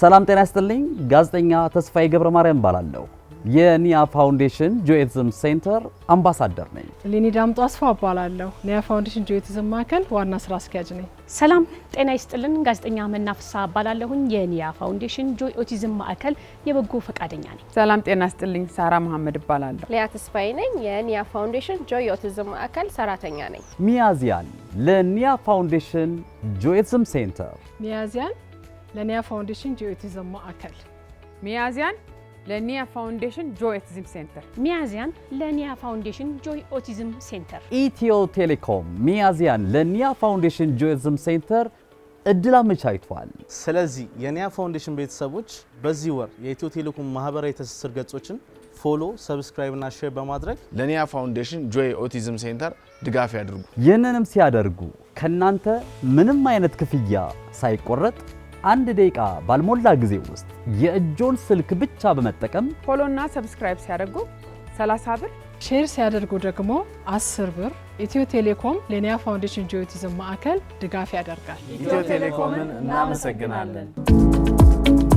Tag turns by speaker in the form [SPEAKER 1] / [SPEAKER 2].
[SPEAKER 1] ሰላም ጤና ይስጥልኝ። ጋዜጠኛ ተስፋዬ ገብረ ማርያም እባላለሁ። የኒያ ፋውንዴሽን ጆኤቲዝም ሴንተር አምባሳደር ነኝ።
[SPEAKER 2] ሊኒ ዳምጦ አስፋ እባላለሁ። ኒያ ፋውንዴሽን ጆኤቲዝም ማዕከል ዋና ስራ አስኪያጅ ነኝ።
[SPEAKER 3] ሰላም ጤና ይስጥልን። ጋዜጠኛ መናፍሳ እባላለሁኝ። የኒያ ፋውንዴሽን ጆኤቲዝም ማዕከል የበጎ ፈቃደኛ ነኝ።
[SPEAKER 4] ሰላም ጤና ይስጥልኝ። ሳራ መሐመድ እባላለሁ።
[SPEAKER 5] ሊያ ተስፋዬ ነኝ። የኒያ ፋውንዴሽን ጆኤቲዝም ማዕከል ሰራተኛ ነኝ።
[SPEAKER 1] ሚያዚያን ለኒያ ፋውንዴሽን ጆኤቲዝም ሴንተር
[SPEAKER 2] ሚያዚያን ለኒያ ፋውንዴሽን ጂኦቲዝም ማዕከል፣ ሚያዝያን ለኒያ ፋውንዴሽን ጆ ኦቲዝም ሴንተር፣
[SPEAKER 3] ሚያዝያን ለኒያ ፋውንዴሽን ጆይ ኦቲዝም ሴንተር፣
[SPEAKER 1] ኢትዮ ቴሌኮም ሚያዝያን ለኒያ ፋውንዴሽን ጆይ ኦቲዝም ሴንተር እድል አመቻችቷል።
[SPEAKER 6] ስለዚህ የኒያ ፋውንዴሽን ቤተሰቦች በዚህ ወር የኢትዮ ቴሌኮም ማህበራዊ ትስስር ገጾችን ፎሎ፣ ሰብስክራይብ እና ሼር በማድረግ
[SPEAKER 7] ለኒያ ፋውንዴሽን ጆይ ኦቲዝም ሴንተር ድጋፍ ያድርጉ።
[SPEAKER 1] ይህንንም ሲያደርጉ ከእናንተ ምንም አይነት ክፍያ ሳይቆረጥ አንድ ደቂቃ ባልሞላ ጊዜ ውስጥ የእጆን ስልክ ብቻ በመጠቀም
[SPEAKER 2] ፎሎና ሰብስክራይብ ሲያደርጉ 30 ብር ሼር ሲያደርጉ ደግሞ 10 ብር ኢትዮ ቴሌኮም ለኒያ ፋውንዴሽን ጂኦ ማዕከል ድጋፍ ያደርጋል።
[SPEAKER 8] ኢትዮ ቴሌኮምን እናመሰግናለን።